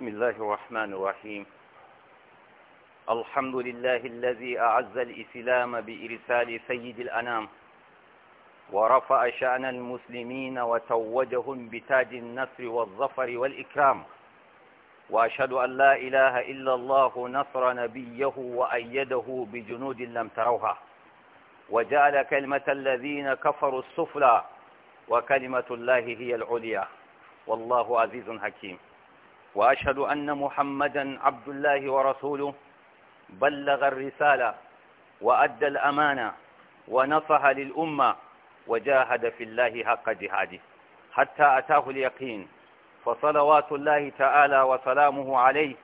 بسم الله الرحمن الرحيم الحمد لله الذي أعز الإسلام بإرسال سيد الأنام ورفع شأن المسلمين وتوجهم بتاج النصر والظفر والإكرام وأشهد أن لا إله إلا الله نصر نبيه وأيده بجنود لم تروها وجعل كلمة الذين كفروا السفلى وكلمة الله هي العليا والله عزيز حكيم وأشهد أن محمدا عبد الله ورسوله بلغ الرسالة وأدى الأمانة ونصح للأمة وجاهد في الله حق جهاده حتى أتاه اليقين فصلوات الله تعالى وسلامه عليه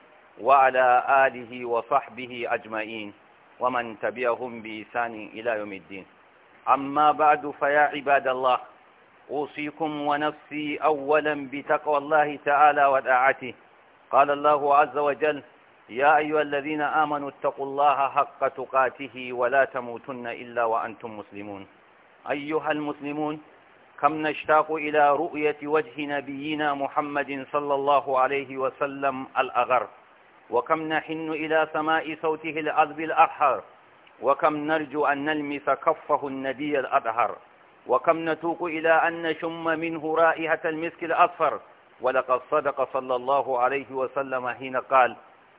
وعلى آله وصحبه أجمعين ومن تبعهم بإسان إلى يوم الدين أما بعد فيا عباد الله أوصيكم ونفسي أولا بتقوى الله تعالى ودعاته قال الله عز وجل يا أيها الذين آمنوا اتقوا الله حق تقاته ولا تموتن إلا وأنتم مسلمون أيها المسلمون كم نشتاق إلى رؤية وجه نبينا محمد صلى الله عليه وسلم الأغر وكم نحن إلى سماء صوته العذب الأحر وكم نرجو أن نلمس كفه النبي الأطهر وكم نتوق إلى أن نشم منه رائحة المسك الأصفر ولقد صدق صلى الله عليه وسلم حين قال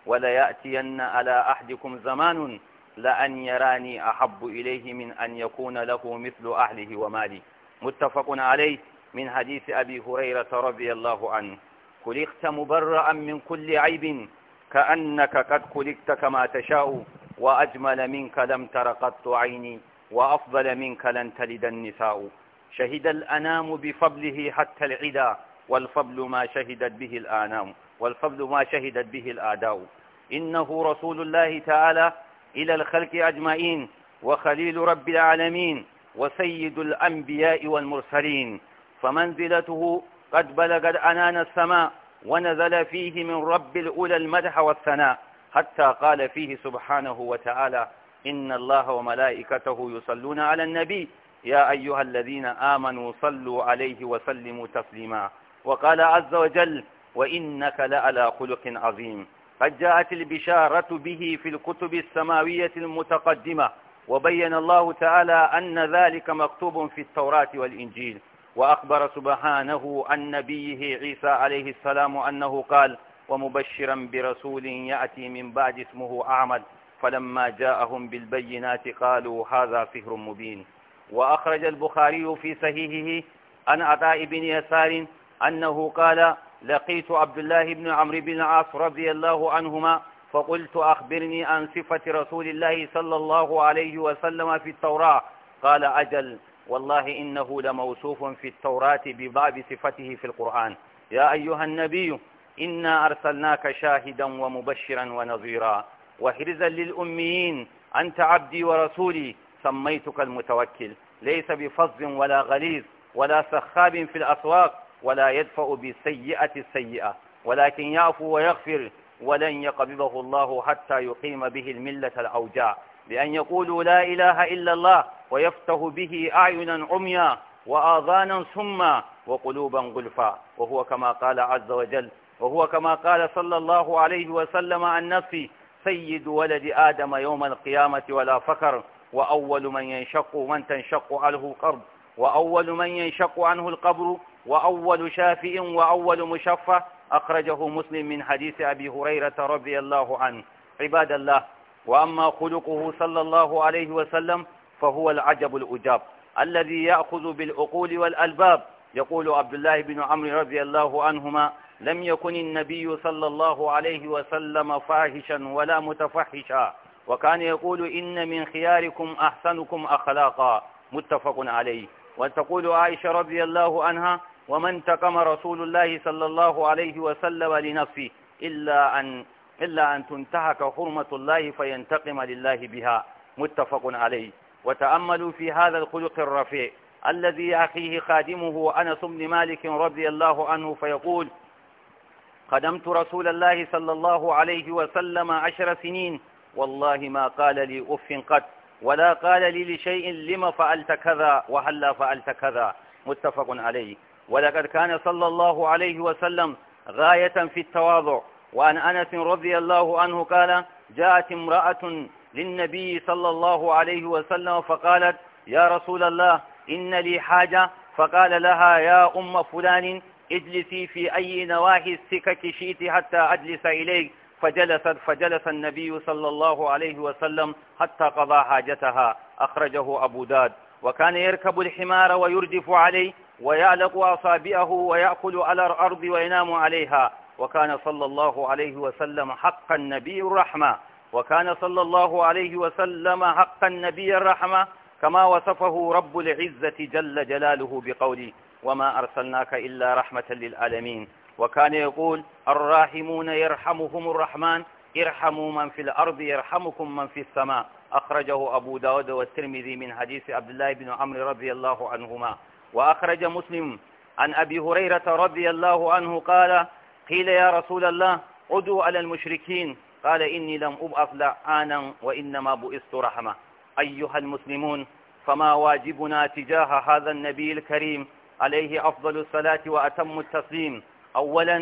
وليأتين على أحدكم زمان لأن يراني أحب إليه من أن يكون له مثل أهله ومالي متفق عليه من حديث أبي هريرة رضي الله عنه خلقت مبرأ من كل عيب كأنك قد خلقت كما تشاء وأجمل منك لم تر قط عيني وأفضل منك لن تلد النساء شهد الأنام بفضله حتى العدا والفضل ما شهدت به الآنام والفضل ما شهدت به الآداء إنه رسول الله تعالى إلى الخلق أجمعين وخليل رب العالمين وسيد الأنبياء والمرسلين فمنزلته قد بلغت أنان السماء ونزل فيه من رب الأولى المدح والثناء حتى قال فيه سبحانه وتعالى إن الله وملائكته يصلون على النبي يا أيها الذين آمنوا صلوا عليه وسلموا تسليما وقال عز وجل وإنك لعلى خلق عظيم قد جاءت البشارة به في الكتب السماوية المتقدمة وبين الله تعالى أن ذلك مكتوب في التوراة والإنجيل وأخبر سبحانه عن نبيه عيسى عليه السلام أنه قال ومبشرا برسول يأتي من بعد اسمه أعمد فلما جاءهم بالبينات قالوا هذا سحر مبين وأخرج البخاري في صحيحه عن عطاء بن يسار أنه قال لقيت عبد الله بن عمرو بن العاص رضي الله عنهما فقلت أخبرني عن صفة رسول الله صلى الله عليه وسلم في التوراة قال أجل والله إنه لموصوف في التوراة بباب صفته في القرآن يا أيها النبي إنا أرسلناك شاهدا ومبشرا ونظيرا وحرزا للأميين أنت عبدي ورسولي سميتك المتوكل ليس بفظ ولا غليظ ولا سخاب في الأسواق ولا يدفع بالسيئة السيئة ولكن يعفو ويغفر ولن يقبضه الله حتى يقيم به الملة الأوجاع بأن يقولوا لا إله إلا الله ويفته به أعينا عميا وآذانا سما وقلوبا غلفا وهو كما قال عز وجل وهو كما قال صلى الله عليه وسلم عن نفسه سيد ولد آدم يوم القيامة ولا فكر وأول من ينشق من تنشق عليه الأرض وأول من ينشق عنه القبر وأول شافئ وأول مشفى أخرجه مسلم من حديث أبي هريرة رضي الله عنه عباد الله وأما خلقه صلى الله عليه وسلم فهو العجب الأجاب الذي يأخذ بالعقول والألباب يقول عبد الله بن عمرو رضي الله عنهما لم يكن النبي صلى الله عليه وسلم فاحشا ولا متفحشا وكان يقول إن من خياركم أحسنكم أخلاقا متفق عليه وتقول عائشة رضي الله عنها وما انتقم رسول الله صلى الله عليه وسلم لنفسه إلا أن, إلا أن تنتهك حرمة الله فينتقم لله بها متفق عليه وتأملوا في هذا الخلق الرفيع الذي أخيه خادمه أنس بن مالك رضي الله عنه فيقول خدمت رسول الله صلى الله عليه وسلم عشر سنين والله ما قال لي أف قط ولا قال لي لشيء لما فعلت كذا وهلا فعلت كذا متفق عليه ولقد كان صلى الله عليه وسلم غاية في التواضع وأن أنس رضي الله عنه قال جاءت امرأة للنبي صلى الله عليه وسلم فقالت يا رسول الله إن لي حاجة فقال لها يا أم فلان اجلسي في أي نواحي السكك شئت حتى أجلس إليك فجلست فجلس النبي صلى الله عليه وسلم حتى قضى حاجتها أخرجه أبو داد وكان يركب الحمار ويرجف عليه ويعلق أصابعه ويأكل على الأرض وينام عليها وكان صلى الله عليه وسلم حق النبي الرحمة وكان صلى الله عليه وسلم حق النبي الرحمة كما وصفه رب العزة جل جلاله بقوله وما أرسلناك إلا رحمة للعالمين وكان يقول الراحمون يرحمهم الرحمن ارحموا من في الأرض يرحمكم من في السماء أخرجه أبو داود والترمذي من حديث عبد الله بن عمرو رضي الله عنهما وأخرج مسلم عن أبي هريرة رضي الله عنه قال قيل يا رسول الله عدوا على المشركين قال إني لم أبعث لعانا وإنما بئست رحمة أيها المسلمون فما واجبنا تجاه هذا النبي الكريم عليه أفضل الصلاة وأتم التسليم أولا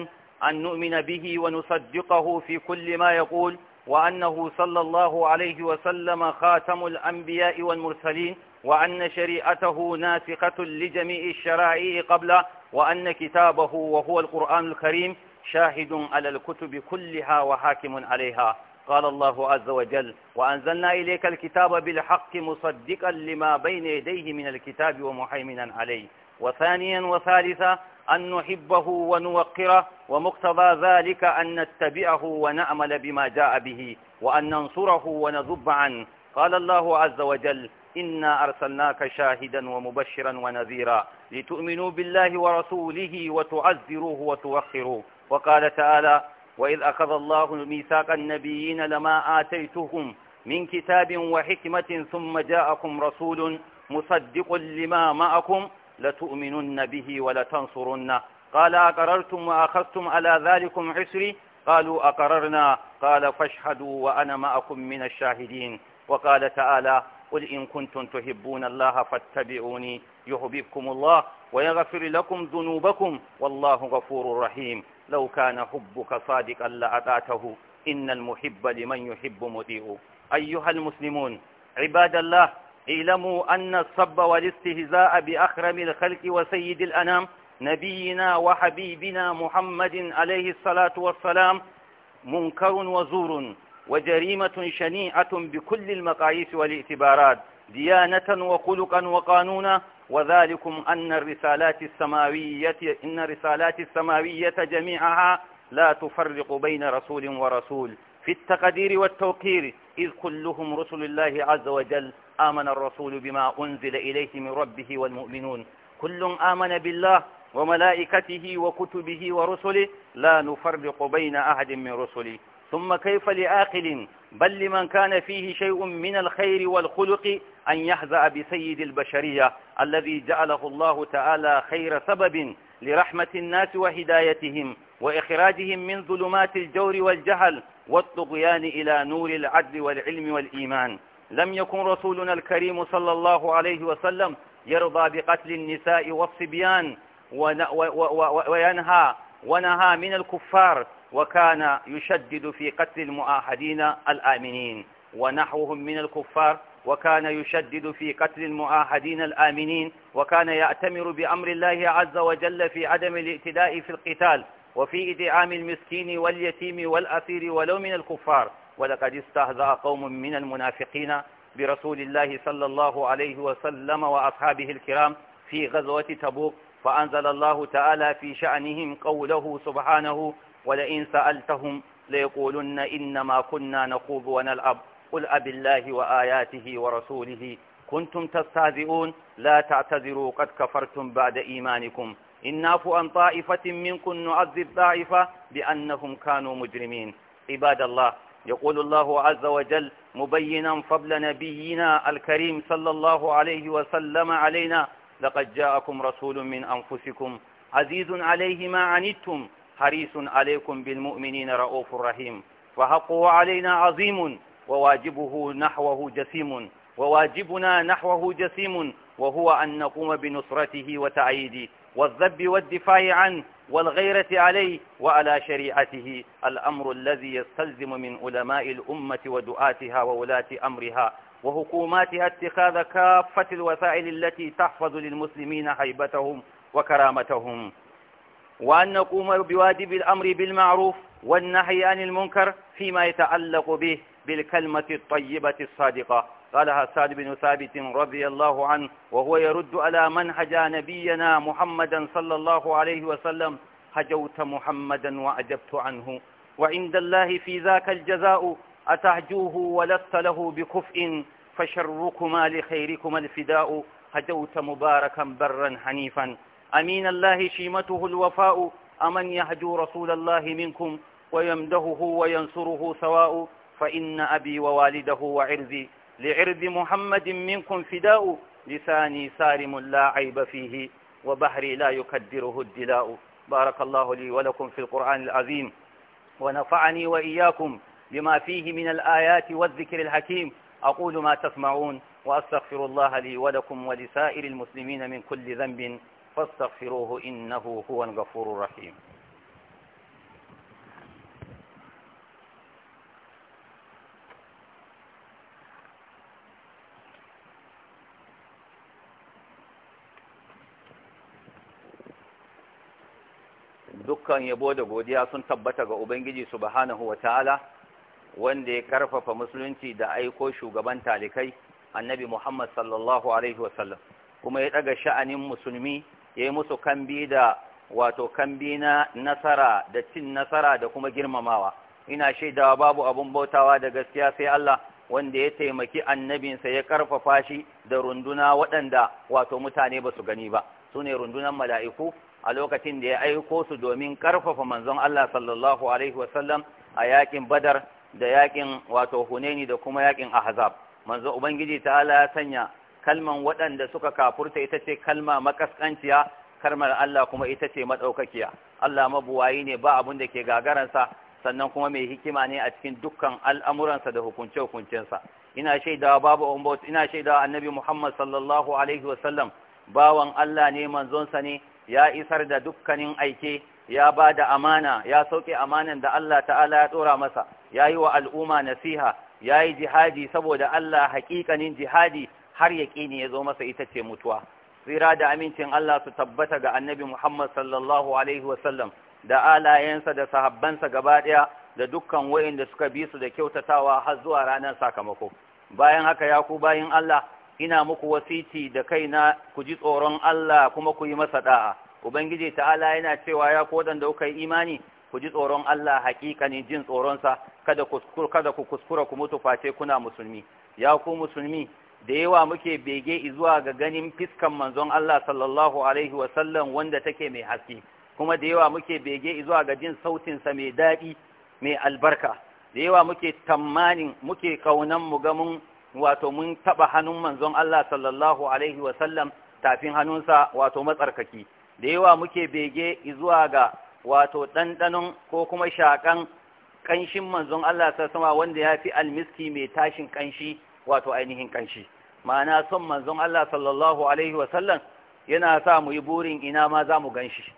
أن نؤمن به ونصدقه في كل ما يقول وأنه صلى الله عليه وسلم خاتم الأنبياء والمرسلين وأن شريعته ناسخة لجميع الشرائع قبله وأن كتابه وهو القرآن الكريم شاهد على الكتب كلها وحاكم عليها قال الله عز وجل وأنزلنا إليك الكتاب بالحق مصدقا لما بين يديه من الكتاب ومهيمنا عليه وثانيا وثالثا أن نحبه ونوقره ومقتضى ذلك أن نتبعه ونأمل بما جاء به وأن ننصره ونذب عنه قال الله عز وجل إنا أرسلناك شاهدا ومبشرا ونذيرا لتؤمنوا بالله ورسوله وتعزروه وتوقروه وقال تعالى وإذ أخذ الله ميثاق النبيين لما آتيتهم من كتاب وحكمة ثم جاءكم رسول مصدق لما معكم لتؤمنن به ولتنصرنه قال أقررتم وأخذتم على ذلكم عسري قالوا أقررنا قال فاشهدوا وأنا معكم من الشاهدين وقال تعالى قل إن كنتم تحبون الله فاتبعوني يحببكم الله ويغفر لكم ذنوبكم والله غفور رحيم لو كان حبك صادقا لأطعته إن المحب لمن يحب مطيع أيها المسلمون عباد الله اعلموا أن الصب والاستهزاء بأخرم الخلق وسيد الأنام نبينا وحبيبنا محمد عليه الصلاة والسلام منكر وزور وجريمة شنيعة بكل المقاييس والاعتبارات ديانة وخلقا وقانونا وذلكم أن الرسالات السماوية إن الرسالات السماوية جميعها لا تفرق بين رسول ورسول في التقدير والتوقير إذ كلهم رسل الله عز وجل آمن الرسول بما أنزل إليه من ربه والمؤمنون كل آمن بالله وملائكته وكتبه ورسله لا نفرق بين أحد من رسله ثم كيف لآقل بل لمن كان فيه شيء من الخير والخلق أن يحزأ بسيد البشرية الذي جعله الله تعالى خير سبب لرحمة الناس وهدايتهم وإخراجهم من ظلمات الجور والجهل والطغيان إلى نور العدل والعلم والإيمان لم يكن رسولنا الكريم صلى الله عليه وسلم يرضى بقتل النساء والصبيان وينهى ونهى من الكفار وكان يشدد في قتل المؤاهدين الآمنين ونحوهم من الكفار وكان يشدد في قتل المؤاهدين الآمنين وكان يأتمر بأمر الله عز وجل في عدم الاعتداء في القتال وفي إدعام المسكين واليتيم والأسير ولو من الكفار ولقد استهزأ قوم من المنافقين برسول الله صلى الله عليه وسلم وأصحابه الكرام في غزوة تبوك فأنزل الله تعالى في شأنهم قوله سبحانه ولئن سألتهم ليقولن إنما كنا نخوض ونلعب قل أب الله وآياته ورسوله كنتم تستهزئون لا تعتذروا قد كفرتم بعد إيمانكم إن نعفو عن طائفة منكم نعذب طائفة بأنهم كانوا مجرمين عباد الله يقول الله عز وجل مبينا فضل نبينا الكريم صلى الله عليه وسلم علينا لقد جاءكم رسول من أنفسكم عزيز عليه ما عنتم حريص عليكم بالمؤمنين رؤوف رحيم فحقه علينا عظيم وواجبه نحوه جسيم وواجبنا نحوه جسيم وهو أن نقوم بنصرته وتعييده والذب والدفاع عنه والغيرة عليه وعلى شريعته الأمر الذي يستلزم من علماء الأمة ودعاتها وولاة أمرها وحكوماتها اتخاذ كافة الوسائل التي تحفظ للمسلمين هيبتهم وكرامتهم وأن نقوم بواجب الأمر بالمعروف والنهي عن المنكر فيما يتعلق به بالكلمة الطيبة الصادقة قالها سعد بن ثابت رضي الله عنه وهو يرد على من حجى نبينا محمدا صلى الله عليه وسلم حجوت محمدا وأجبت عنه وعند الله في ذاك الجزاء أتهجوه ولست له بكفء فشركما لخيركما الفداء هجوت مباركا برا حنيفا أمين الله شيمته الوفاء أمن يهجو رسول الله منكم ويمدهه وينصره سواء فإن أبي ووالده وعرضي لعرض محمد منكم فداء لساني سارم لا عيب فيه وبحري لا يكدره الدلاء بارك الله لي ولكم في القرآن العظيم ونفعني وإياكم بما فيه من الآيات والذكر الحكيم أقول ما تسمعون وأستغفر الله لي ولكم ولسائر المسلمين من كل ذنب فاستغفروه إنه هو الغفور الرحيم dukkan yabo da godiya sun tabbata ga ubangiji subhanahu ta'ala wanda ya karfafa musulunci da aiko shugaban talikai annabi muhammad sallallahu alaihi wasallam kuma ya daga sha'anin musulmi ya yi musu kambi da wato kambi na nasara da cin nasara da kuma girmamawa ina shaidawa babu abun bautawa da gaskiya sai Allah wanda ya taimaki annabinsa ya karfafa shi da runduna waɗanda wato mutane ba su gani ba su ne rundunan mala'iku a lokacin da ya aiko su domin karfafa manzon Allah sallallahu alaihi wasallam a yakin Badar da yakin wato huneni, da kuma yakin Ahzab Manzon ubangiji ta'ala ya sanya kalman waɗanda suka kafurta ita ce kalma makaskanciya kalmar Allah kuma ita ce maɗaukakiya. Allah mabuwayi ne ba abun da ke gagaransa sannan kuma mai hikima ne a cikin dukkan al'amuransa da hukunce-hukuncensa ina shaidawa babu ina shaidawa annabi Muhammad sallallahu alaihi wasallam bawan Allah ne manzonsa ne ya isar da dukkanin aike ya ba da amana ya sauke amanan da Allah ta'ala ya ɗora masa ya yi wa al'umma nasiha ya yi jihadi saboda Allah haƙiƙanin jihadi har yaƙini ya zo masa ita ce mutuwa tsira da amincin Allah su tabbata ga annabi Muhammad sallallahu alaihi wasallam da alayensa da sahabbansa gaba ɗaya da dukkan wayanda suka bi su da kyautatawa har zuwa ranar sakamako bayan haka ya ku bayin Allah ina muku wasiti da kaina ku ji tsoron Allah kuma ku yi masa da'a ubangiji ta'ala yana cewa ya kodan da kuka yi imani ku ji tsoron Allah ne jin tsoronsa kada ku kada ku kuskura ku mutu face kuna musulmi ya ku musulmi da yawa muke bege zuwa ga ganin fiskan manzon Allah sallallahu alaihi wa wanda take mai haske kuma da yawa muke bege zuwa ga jin sautinsa mai dadi, mai albarka da yawa muke tamanin muke kaunan mu ga mun wato mun taba hannun manzon Allah sallallahu alaihi wasallam tafin hannunsa wato matsarkaki da yawa muke bege zuwa ga wato ɗanɗanon ko kuma shaƙan ƙanshin manzon Allah sassama wanda ya fi almiski mai tashin ƙanshi wato ainihin ƙanshi ma'ana son manzon Allah sallallahu alaihi wasallam yana sa mu yi burin ina ma za mu gan shi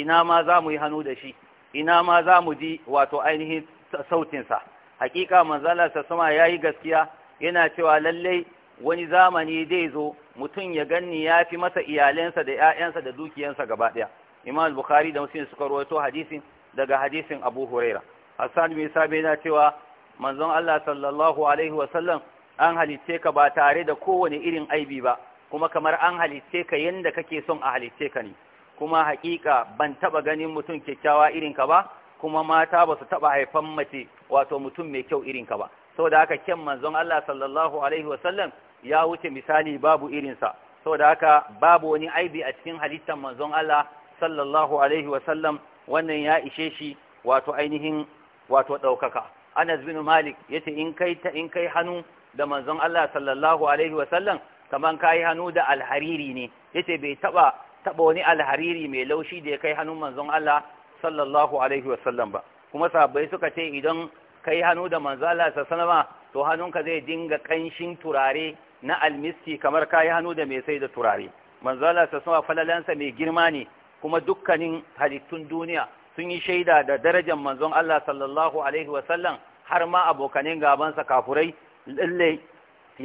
ina ma za mu yi hannu da shi ina ma za mu ji wato ainihin sautinsa hakika manzon Allah sassama ya yi gaskiya yana cewa lallai wani zamani zai zo mutum ya ganni ya fi masa iyalansa da ‘ya'yansa da dukiyansa gaba ɗaya imam bukhari da Musulun suka ruwato hadisin daga hadisin abu huraira hassan bin sabi yana cewa manzon allah sallallahu alaihi wasallam an halicce ka ba tare da kowane irin aibi ba kuma kamar an halicce ka yadda kake son a halicce ka ne kuma hakika ban taɓa ganin mutum kyakkyawa irinka ba kuma mata ba su taba haifan mace wato mutum mai kyau irinka ba da haka kyan manzon Allah sallallahu alaihi wasallam ya wuce misali babu irinsa da haka babu wani aibi a cikin halittar manzon Allah sallallahu alaihi wasallam wannan ya ishe shi wato ainihin wato ɗaukaka Anas bin Malik ce in kai ta in kai hannu da manzon Allah sallallahu alaihi wasallam kaman yi hannu da alhariri ne Ya ce bai taba wani alhariri mai laushi da ya kai hannun manzon Allah sallallahu alaihi wasallam ba kuma sahabbai suka ce idan kai hannu da manzo Allah sanama to hannunka zai dinga kanshin turare na almiski kamar kai hannu da mai sai da turare manzo Allah sanama falalansa mai girma ne kuma dukkanin halittun duniya sun yi shaida da darajar manzon Allah sallallahu alaihi wasallam har ma abokanin gabansa kafurai lalle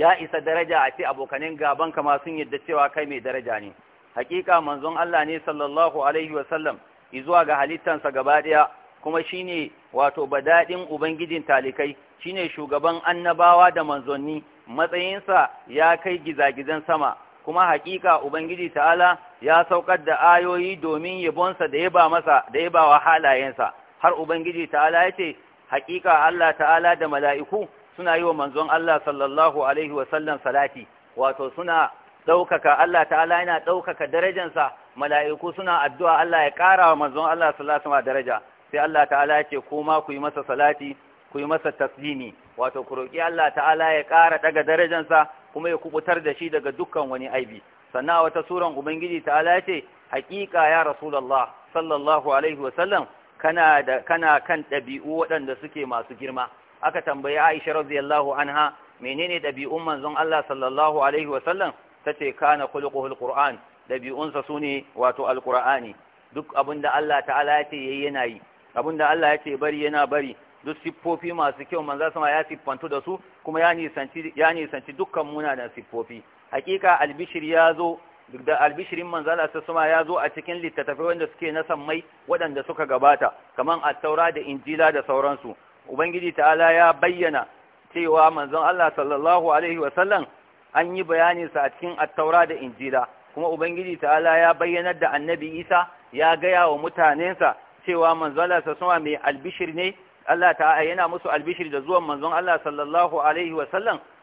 ya isa daraja a ce abokanin gaban kama sun yadda cewa kai mai daraja ne hakika manzon Allah ne sallallahu alaihi wasallam izuwa ga halittansa gaba daya kuma shi ne, wato Badaɗin ubangijin talikai shi ne shugaban annabawa da manzonni matsayinsa ya kai gizagizan sama kuma hakika ubangiji ta'ala ya saukar da ayoyi domin yabonsa da yaba masa da wa halayensa har ubangiji ta'ala ya ce hakika Allah ta'ala da mala'iku suna yi wa manzon Allah sallallahu alaihi wasallam salati wato suna ɗaukaka Allah ta'ala yana ɗaukaka darajansa mala'iku suna addu'a Allah ya ƙara wa manzon Allah sallallahu alaihi wasallam daraja sai Allah ta'ala ya ce kuma ku yi masa salati ku yi masa taslimi wato ku roƙi Allah ta'ala ya ƙara daga darajansa kuma ya kubutar da shi daga dukkan wani aibi sannan wata suran ubangiji ta'ala ya ce haƙiƙa ya rasulullah sallallahu alaihi wa sallam kana da kana kan ɗabi'u waɗanda suke masu girma aka tambayi Aisha radiyallahu anha menene ɗabi'un manzon Allah sallallahu alaihi wa sallam tace kana khuluquhul qur'an ɗabi'unsa sune wato alqur'ani duk abinda Allah ta'ala ya ce yayi yana yi abinda Allah ya ce bari yana bari duk siffofi masu kyau manza sama ya siffantu da su kuma ya nisanci ya nisanci da siffofi hakika albishir ya zo da albishirin manzo Allah sama ya zo a cikin littattafai wanda suke na sammai waɗanda suka gabata kamar at-taura da injila da sauransu ubangiji ta'ala ya bayyana cewa manzon Allah sallallahu alaihi wasallam an yi bayaninsa a cikin Ataura da injila kuma ubangiji ta'ala ya bayyanar da annabi Isa ya gaya wa mutanensa cewa manzala sa mai albishir ne Allah ta yana musu albishir da zuwan manzon Allah sallallahu alaihi wa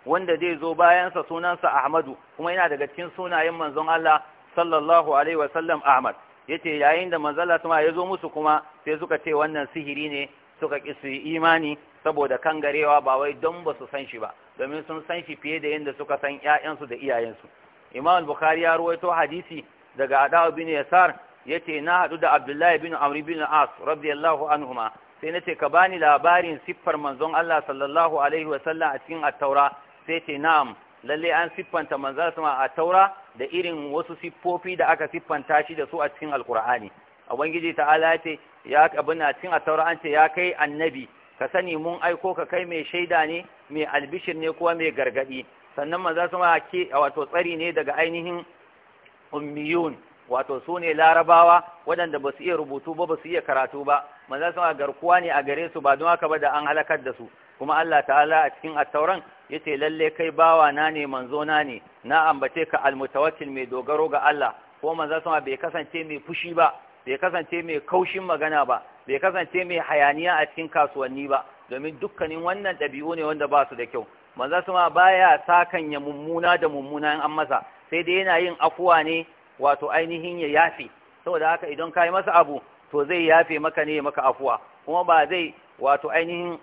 wanda zai zo bayansa sunansa Ahmadu kuma yana daga cikin sunayen manzon Allah sallallahu alaihi wa Ahmad yace yayin da manzala sama ya zo musu kuma sai suka ce wannan sihiri ne suka ki imani saboda kan garewa ba wai don ba su san shi ba domin sun san shi fiye da yadda suka san ƴaƴansu da iyayensu Imam Bukhari ya ruwaito hadisi daga Adawu bin Yasar yace na hadu da Abdullahi bin Amr bin As radiyallahu anhuma sai nace ka bani labarin siffar manzon Allah sallallahu alaihi wa sallam a cikin at sai ce na'am lalle an siffanta manzon sama a Taura da irin wasu siffofi da aka siffanta shi da su a cikin al'kur'ani qurani ubangiji ta'ala yace ya abin a cikin at an ce ya kai annabi ka sani mun aiko ka kai mai shaida ne mai albishir ne kuma mai gargadi sannan manzon sama ke wato tsari ne daga ainihin ummiyun wato su ne larabawa waɗanda ba su iya rubutu ba ba su iya karatu ba manzan sun garkuwa ne a gare su ba don haka ba da an halakar da su kuma Allah ta'ala a cikin attauran ya ce lalle kai bawa na ne manzo na ne na ambace ka almutawakkil mai dogaro ga Allah ko manzan sama bai kasance mai fushi ba bai kasance mai kaushin magana ba bai kasance mai hayaniya a cikin kasuwanni ba domin dukkanin wannan dabi'u ne wanda ba su da kyau manzan sama baya sakanya mummuna da mummuna an masa sai dai yana yin afuwa ne wato ainihin ya yafe saboda haka idan ka yi masa abu to zai yafe maka ne maka afuwa kuma ba zai wato ainihin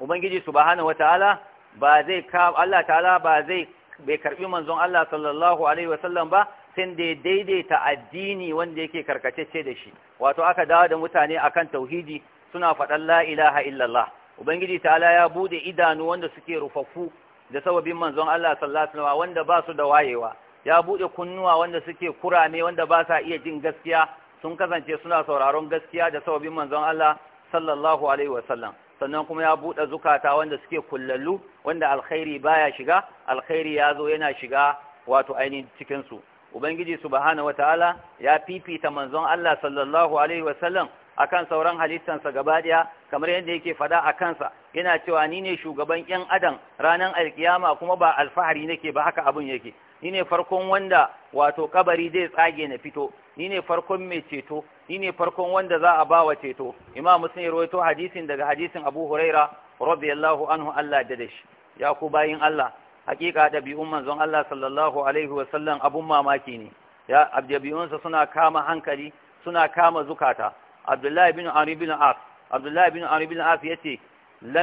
ubangiji subhanahu wataala ba zai ka Allah ta'ala ba zai bai karbi manzon Allah sallallahu alaihi wasallam ba sai da daidaita addini wanda yake karkatacce da shi wato aka dawo da mutane akan tauhidi suna faɗan la ilaha illallah ubangiji ta'ala ya bude idanu wanda suke rufaffu da sababin manzon Allah sallallahu alaihi wasallam wanda ba su da wayewa ya buɗe kunnuwa wanda suke kurame wanda ba sa iya jin gaskiya sun kasance suna sauraron gaskiya da sababin manzon Allah sallallahu alaihi wasallam sannan kuma ya buɗe zukata wanda suke kullallu wanda alkhairi baya shiga alkhairi ya zo yana shiga wato ainihin cikin su ubangiji subhanahu wataala ya fifita manzon Allah sallallahu alaihi wasallam akan sauran halittansa gaba daya kamar yadda yake fada a kansa yana cewa ni ne shugaban yan adam ranar alkiyama kuma ba alfahari nake ba haka abin yake ni ne farkon wanda wato kabari zai tsage na fito ni ne farkon mai ceto ni ne farkon wanda za a ba wa ceto imam muslim ya rawaito hadisin daga hadisin abu huraira radiyallahu anhu Allah da shi ya ku bayin Allah hakika biyun manzon Allah sallallahu alaihi wasallam abun mamaki ne ya abdabi'unsa suna kama hankali suna kama zukata abdullahi bin ari bin as abdullahi bin ari bin as yace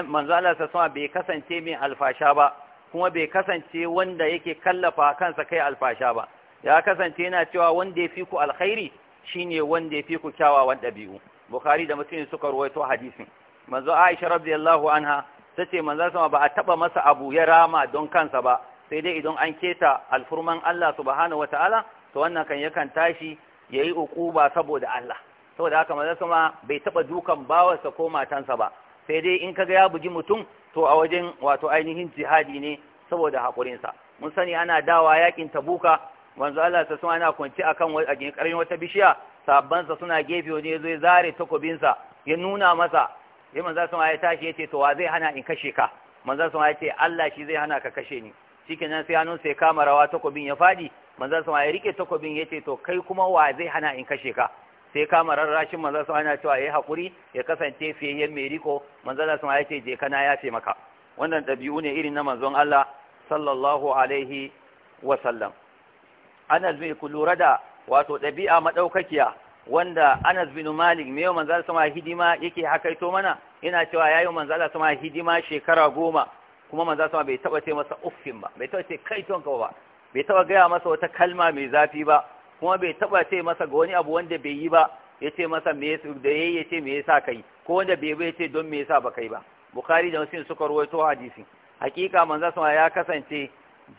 manzon Allah sallallahu bai kasance mai alfasha ba kuma bai kasance wanda yake kallafa kansa kai alfasha ba ya kasance yana cewa wanda ya fi ku alkhairi shine wanda ya fi ku kyawawan ɗabi'u bukhari da muslim suka ruwaito hadisin manzo aisha radiyallahu anha tace manzo sama ba a taba masa abu ya rama don kansa ba sai dai idan an keta alfurman Allah subhanahu wataala to wannan kan yakan tashi yayi ba saboda Allah saboda haka manzo sama bai taba dukan bawarsa ko matansa ba sai dai in kaga ya bugi mutum to a wajen wato ainihin jihadi ne saboda haƙurinsa mun sani ana dawa yakin tabuka manzo Allah ta suna ana kwanci akan ƙarin wata bishiya sabbansa suna gefe ne zai zare takobinsa ya nuna masa sai manzo sun ya tashi yace to wa zai hana in kashe ka manzo sun ya ce Allah shi zai hana ka kashe ni shikenan sai hannun sai kama rawa takobin ya fadi manzo sun ya rike takobin yace to kai kuma wa zai hana in kashe ka sai kama rarrashin manzon sama yana cewa yayi hakuri ya kasance fiyayyen mai riko manzon sama ya ce je kana ya maka wannan dabi'u ne irin na manzon Allah sallallahu alaihi wa sallam Anas bin lura da wato dabi'a madaukakiya wanda Anas bin Malik me yau manzon sama hidima yake hakaito mana yana cewa yayi manzon sama hidima shekara goma kuma manzon sama bai taɓa ce masa uffin ba bai taɓa ce kai tonka ba bai taɓa gaya masa wata kalma mai zafi ba kuma bai taba ce masa ga wani abu wanda bai yi ba ya ce masa me yasa da ya ce me yasa kai ko wanda bai bai ce don me yasa ba kai ba bukhari da muslim suka rawaito hadisi hakika manzo sama ya kasance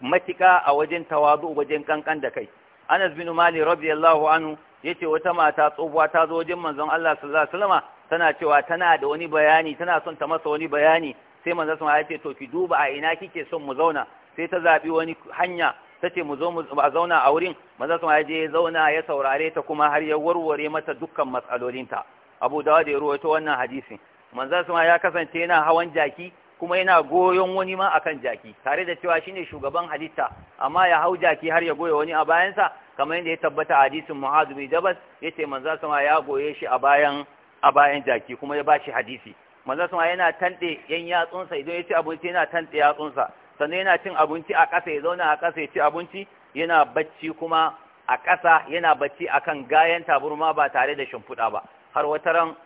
matika a wajen tawadu wajen kankan da kai Anas bin mali radiyallahu anhu yace wata mata tsohuwa ta zo wajen manzon Allah sallallahu alaihi wasallama tana cewa tana da wani bayani tana son ta masa wani bayani sai manzo sama ya ce to ki duba a ina kike son mu zauna sai ta zabi wani hanya ta ce mu zo mu zauna a wurin maza sun ya ya zauna ya saurare ta kuma har ya warware mata dukkan matsalolinta abu dawa da ya ruwaito wannan hadisin manzo sun ya kasance yana hawan jaki kuma yana goyon wani ma akan jaki tare da cewa shine shugaban halitta amma ya hau jaki har ya goya wani a bayansa kamar yadda ya tabbata hadisin muhazu bin jabal yace manzo sun ya goye shi a bayan a bayan jaki kuma ya bashi hadisi manzo sun yana tande yan yatsunsa idan yace abinci yana tande yatsunsa sannan yana cin abinci a ƙasa ya zauna a ƙasa ya ci abinci yana bacci kuma a ƙasa yana bacci akan gayan taburma ba tare da shimfiɗa ba har wata ran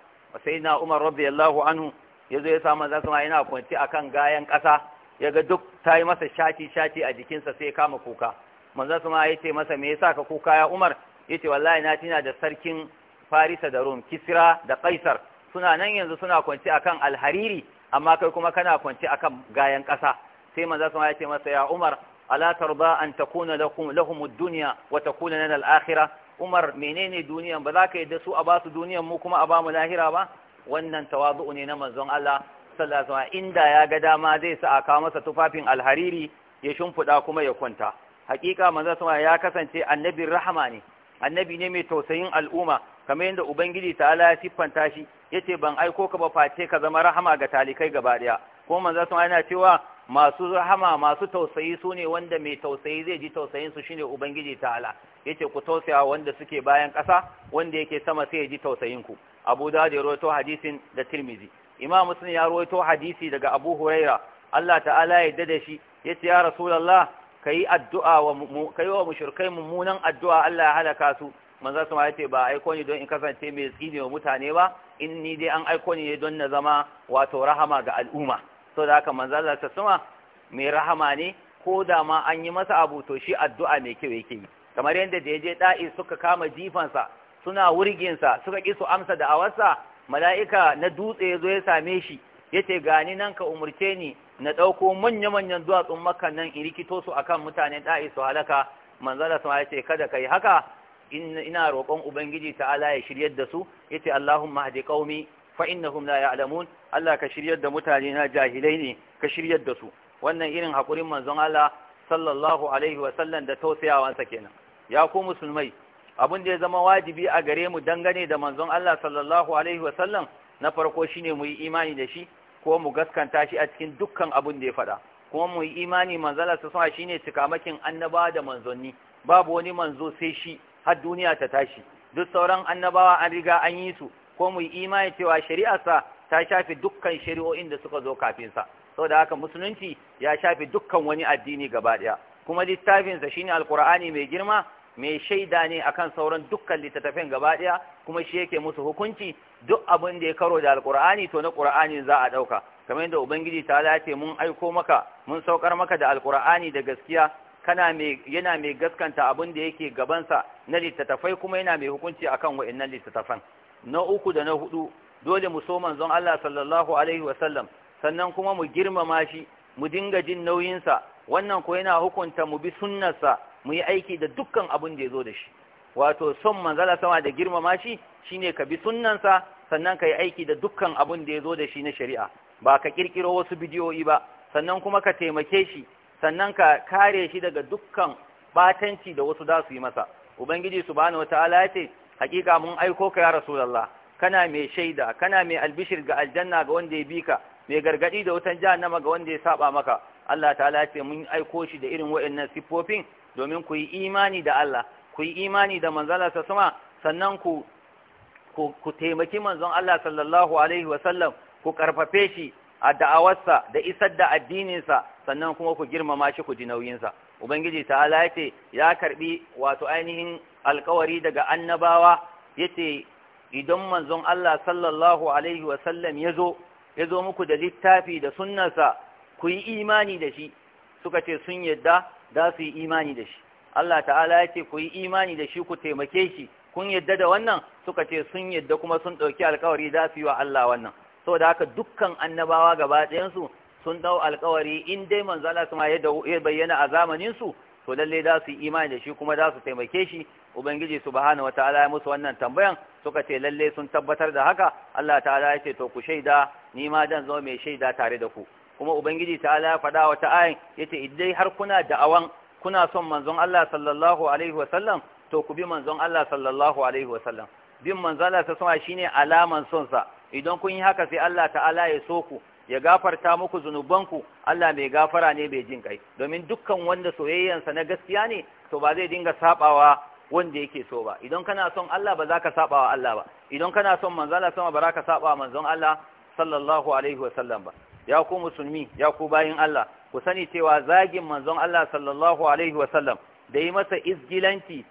sai na umar radiyallahu anhu ya zo ya samu zan yana kwanci akan gayan ƙasa Yaga duk ta yi masa shati shati a jikinsa sai kama kuka manzon kuma ya ce masa me yasa ka kuka ya umar ya ce wallahi na tina da sarkin farisa da rum kisra da kaisar suna nan yanzu suna kwanci akan alhariri amma kai kuma kana kwanci akan gayan ƙasa sai manzo sama ya ce masa ya Umar ala tarda an takuna lakum lahum ad-dunya wa takuna lana al-akhirah Umar menene duniyan ba za ka yadda su a ba su duniyan mu kuma a ba mu lahira ba wannan tawazu'u ne na manzon Allah sallallahu alaihi inda ya ga dama zai sa aka masa tufafin alhariri ya shimfida kuma ya kwanta hakika manzo sama ya kasance annabi rahama ne annabi ne mai tausayin al'umma kamar yadda ubangiji ta'ala ya siffanta shi yace ban aiko ka ba face ka zama rahama ga talikai gaba daya ko manzo sun yana cewa masu rahama masu tausayi su ne wanda mai tausayi zai ji tausayin su shine ubangiji ta'ala yace ku tausaya wanda suke bayan kasa wanda yake sama sai ya ji tausayin ku abu da ya rawaito hadisin da Tirmidhi imam muslim ya rawaito hadisi daga abu huraira Allah ta'ala ya dada shi yace ya rasulullah kai addu'a wa kai wa mushrikai mummunan addu'a Allah ya halaka su manzo sun aite ba aiko ni don in kasance mai tsini wa mutane ba in ni dai an aiko ni don na zama wato rahama ga al'umma so da haka manzo Allah ta sama mai rahama ne ko da ma an yi masa abu to shi addu'a mai kyau yake yi kamar yadda da yaje da'i suka kama jifansa suna wurginsa suka ki su amsa da awarsa mala'ika na dutse yazo ya same shi yace gani nan ka umarce ni na ɗauko manya-manyan duwatsun makan nan in rikito su akan mutanen da'i su halaka manzo Allah sama yace kada kai haka ina roƙon ubangiji ta'ala ya shiryar da su yace Allahumma hadi qaumi fa innahum la ya'lamun Allah ka shiryar da mutane na jahilai ne ka shiryar da su wannan irin hakurin manzon Allah sallallahu alaihi wa sallam da tausayawansa kenan ya ku musulmai abin da ya zama wajibi a gare mu dangane da manzon Allah sallallahu alaihi wa na farko shine mu yi imani da shi ko mu gaskanta shi a cikin dukkan abin da ya faɗa kuma mu yi imani manzala su sa ne cikamakin annabawa da manzonni babu wani manzo sai shi har duniya ta tashi duk sauran annabawa an riga an yi su ko mu yi imani cewa shari'arsa ta shafi dukkan shari'o'in da suka zo kafin sa saboda haka musulunci ya shafi dukkan wani addini gaba daya kuma littafinsa shine alqur'ani mai girma mai shaida ne akan sauran dukkan littattafan gaba daya kuma shi yake musu hukunci duk abin da ya karo da alqur'ani to na qur'ani za a dauka kamar yadda ubangiji ta ce mun aiko maka mun saukar maka da alqur'ani da gaskiya kana mai yana mai gaskanta abin da yake gabansa na littattafai kuma yana mai hukunci akan wa'annan littattafan na uku da na hudu dole mu so manzon Allah sallallahu alaihi wasallam sannan kuma mu girmama shi mu dinga jin nauyinsa wannan ko yana hukunta mu bi sunnarsa mu yi aiki da dukkan abin da ya zo da shi wato son manzala sama da girmama shi shine ka bi sunnansa sannan ka yi aiki da dukkan abin da ya zo da shi na shari'a ba ka kirkiro wasu bidiyoyi ba sannan kuma ka taimake shi sannan ka kare shi daga dukkan batanci da wasu za su yi masa ubangiji subhanahu wataala ya ce hakika mun aiko ka ya rasulullah kana mai shaida kana mai albishir ga aljanna ga wanda ya bi ka mai gargadi da wutan jahannama ga wanda ya saba maka Allah ta'ala ya ce mun aiko shi da irin wayannan siffofin domin ku yi imani da Allah ku yi imani da manzala sa sama sannan ku ku taimaki manzon Allah sallallahu alaihi wasallam ku karfafe shi a da'awarsa da isar da addininsa sannan kuma ku girmama shi ku ji nauyinsa ubangiji ta'ala ya ce ya karbi wato ainihin alkawari daga annabawa yace idan manzon Allah sallallahu alaihi wasallam ya zo ya zo muku da littafi da sunnarsa ku yi imani da shi suka ce sun yadda za su yi imani da shi Allah ta'ala ya ce ku yi imani da shi ku taimake shi kun yadda da wannan suka ce sun yadda kuma sun ɗauki alkawari za su yi wa Allah wannan saboda haka dukkan annabawa gaba ɗayansu sun dau alkawari in dai manzo Allah kuma ya bayyana a zamanin su to lalle za su yi imani da shi kuma za su taimake shi ubangiji subhanahu wataala ya musu wannan tambayan suka ce lalle sun tabbatar da haka Allah ta'ala ya ce to ku shaida ni ma dan zo mai shaida tare da ku kuma ubangiji ta'ala ya faɗa wata ayin yace idai har kuna da'awan kuna son manzon Allah sallallahu alaihi wasallam to ku bi manzon Allah sallallahu alaihi wasallam bin manzala ta sallallahu shine alaman son sa idan kun yi haka sai Allah ta'ala ya so ku ya gafarta muku zunubanku Allah mai gafara ne bai jin kai domin dukkan wanda soyayyansa na gaskiya ne to ba zai dinga sabawa wanda yake so ba idan kana son Allah ba za ka sabawa Allah ba idan kana son manzon Allah sama ba za ka sabawa manzon Allah sallallahu alaihi wa sallam ba ya ku musulmi ya ku bayin Allah ku sani cewa zagin manzon Allah sallallahu alaihi wa sallam da yi masa izgilanti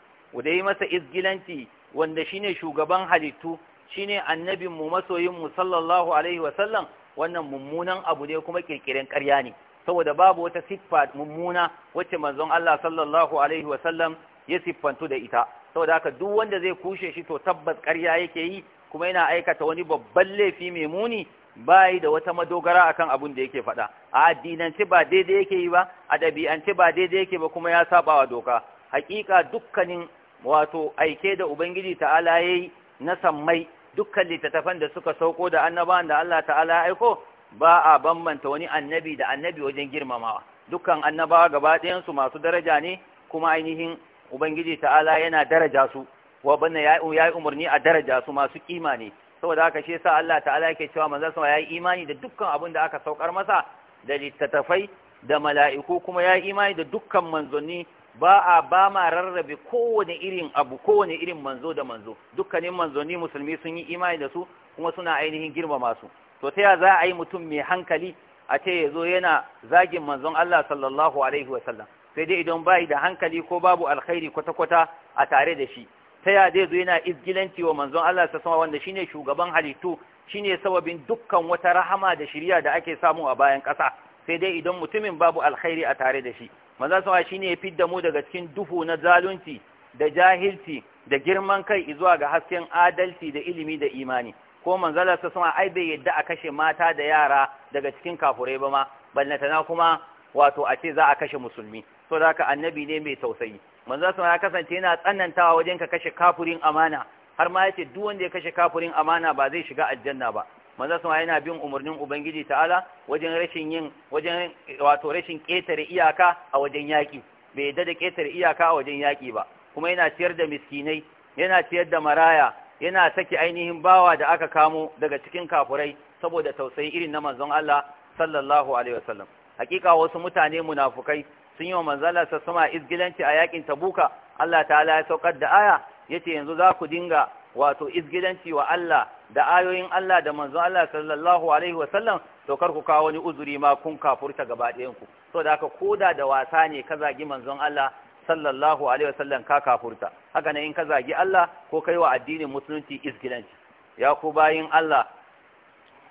da yi masa izgilanti wanda shine shugaban halittu shine annabin mu masoyin mu sallallahu alaihi wa sallam wannan mummunan abu ne kuma kirkiren ƙarya ne saboda babu wata siffa mummuna wacce manzon Allah sallallahu alaihi wa sallam ya siffantu da ita saboda haka duk wanda zai kushe shi to tabbas ƙarya yake yi kuma yana aikata wani babban laifi mai muni bayi da wata madogara akan abin da yake faɗa a addinance ba daidai yake yi ba a dabi'ance ba daidai yake ba kuma ya saba wa doka hakika dukkanin wato aike da ubangiji ta'ala yayi na sammai dukkan littattafan da suka sauko da annabawan da Allah ta'ala ya aiko ba a bambanta wani annabi da annabi wajen girmamawa dukkan annabawa gaba ɗayansu masu daraja ne kuma ainihin ubangiji ta'ala yana daraja su wa banna ya yi umarni a daraja su masu kima ne saboda haka shi yasa Allah ta'ala yake cewa manzon sa yayi imani da dukkan abin da aka saukar masa da littattafai da mala'iku kuma yayi imani da dukkan manzonni ba a ba ma rarrabe kowane irin abu kowane irin manzo da manzo dukkanin manzoni musulmi sun yi imani da su kuma suna ainihin girmama su to ta za a yi mutum mai hankali a ce ya zo yana zagin manzon Allah sallallahu alaihi wa sallam sai dai idan bai da hankali ko babu alkhairi kwata-kwata a tare da shi ta ya zai zo yana izgilanci wa manzon Allah sa sama wanda shine shugaban halittu shine sababin dukkan wata rahama da shirya da ake samu a bayan kasa sai dai idan mutumin babu alkhairi a tare da shi maza sawa shine ya fidda mu daga cikin duhu na zalunci da jahilci da girman kai zuwa ga hasken adalci da ilimi da imani ko manzala ta sama ai bai yadda a kashe mata da yara daga cikin kafurai ba ma ballantana kuma wato a ce za a kashe musulmi so da annabi ne mai tausayi manzala sama ya kasance yana tsanantawa wajen ka kashe kafurin amana har ma ya ce duk wanda ya kashe kafurin amana ba zai shiga aljanna ba manzo sun yana bin umarnin ubangiji ta'ala wajen rashin yin wajen wato rashin ketare iyaka a wajen yaki bai yadda da ketare iyaka a wajen yaki ba kuma yana ciyar da miskinai yana ciyar da maraya yana saki ainihin bawa da aka kamo daga cikin kafurai saboda tausayi irin na manzon Allah sallallahu alaihi wasallam hakika wasu mutane munafukai sun yi wa manzalarsa sassama izgilanci a yakin tabuka Allah ta'ala ya saukar da aya yace yanzu za ku dinga wato izgilanci wa Allah da ayoyin Allah da manzon Allah sallallahu alaihi wasallam to kar ku kawo wani uzuri ma kun kafurta gaba ɗayan ku so da haka koda da wasa ne ka zagi manzon Allah sallallahu alaihi wasallam ka kafurta haka ne in ka zagi Allah ko kai wa addinin musulunci izgilanci ya ku bayin Allah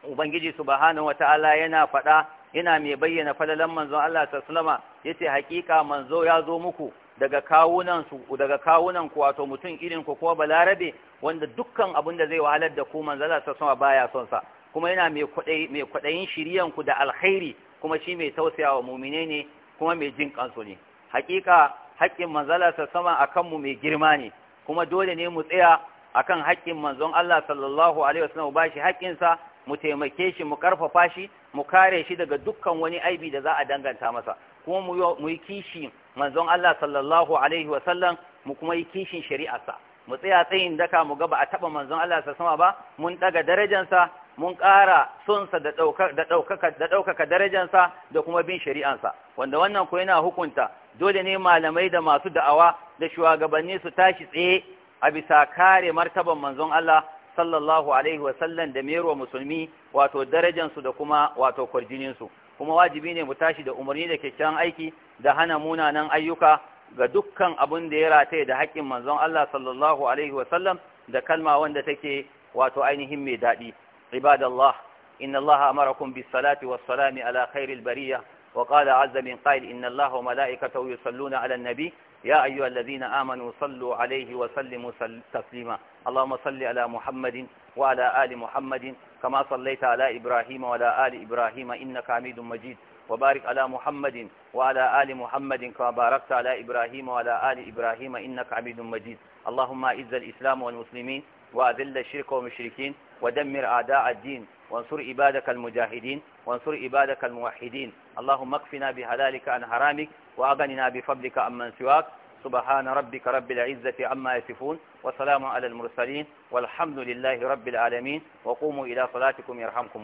ubangiji subhanahu wataala yana faɗa yana mai bayyana falalan manzon Allah sallallahu alaihi wasallam yace hakika manzo ya zo muku daga kawunan su daga kawunan ku wato mutum irin ku kuma balarabe wanda dukkan abin da zai wahalar da ku manzala ta sama baya son sa kuma yana mai kwadai mai kwadayin shiriyan ku da alkhairi kuma shi mai tausayawa mu'mine ne kuma mai jin kansu ne hakika haƙƙin manzala ta sama akan mu mai girma ne kuma dole ne mu tsaya akan haƙƙin manzon Allah sallallahu alaihi wasallam ba shi haƙƙin sa mu taimake shi mu karfafa shi mu kare shi daga dukkan wani aibi da za a danganta masa kuma mu yi kishi manzon Allah sallallahu alaihi wa sallam mu kuma yi kishin shari'arsa mu tsaya tsayin daka mu ga ba a taba manzon Allah sallallahu alaihi wa ba mun daga darajarsa mun ƙara sonsa da ɗaukaka darajansa da kuma bin shari'ansa wanda wannan ko yana hukunta dole ne malamai da masu da'awa da shugabanni su tashi tsaye a bisa kare martaban manzon Allah sallallahu alaihi wasallam da mero musulmi wato darajansu da kuma wato kwarjininsu kuma wajibi ne mu tashi da umarni da kyakkyawan aiki da hana munanan ayyuka ga dukkan abin da ya rataye da haƙƙin manzon Allah sallallahu alaihi wasallam da kalma wanda take wato ainihin mai daɗi ibadallah inna Allah amarakum bis salati was salami ala khairil bariya wa qala azza min qa'il inna Allah wa mala'ikatahu yusalluna ala an-nabi ya ayyuhallazina amanu sallu alaihi wa sallimu taslima اللهم صل على محمد وعلى آل محمد كما صليت على إبراهيم وعلى آل إبراهيم إنك حميد مجيد وبارك على محمد وعلى آل محمد كما باركت على إبراهيم وعلى آل إبراهيم إنك حميد مجيد اللهم أعز الإسلام والمسلمين وأذل الشرك والمشركين ودمر أعداء الدين وانصر عبادك المجاهدين وانصر عبادك الموحدين اللهم اكفنا بحلالك عن حرامك وأغننا بفضلك عمن سواك سبحان ربك رب العزة عما يصفون وسلام على المرسلين والحمد لله رب العالمين وقوموا إلى صلاتكم يرحمكم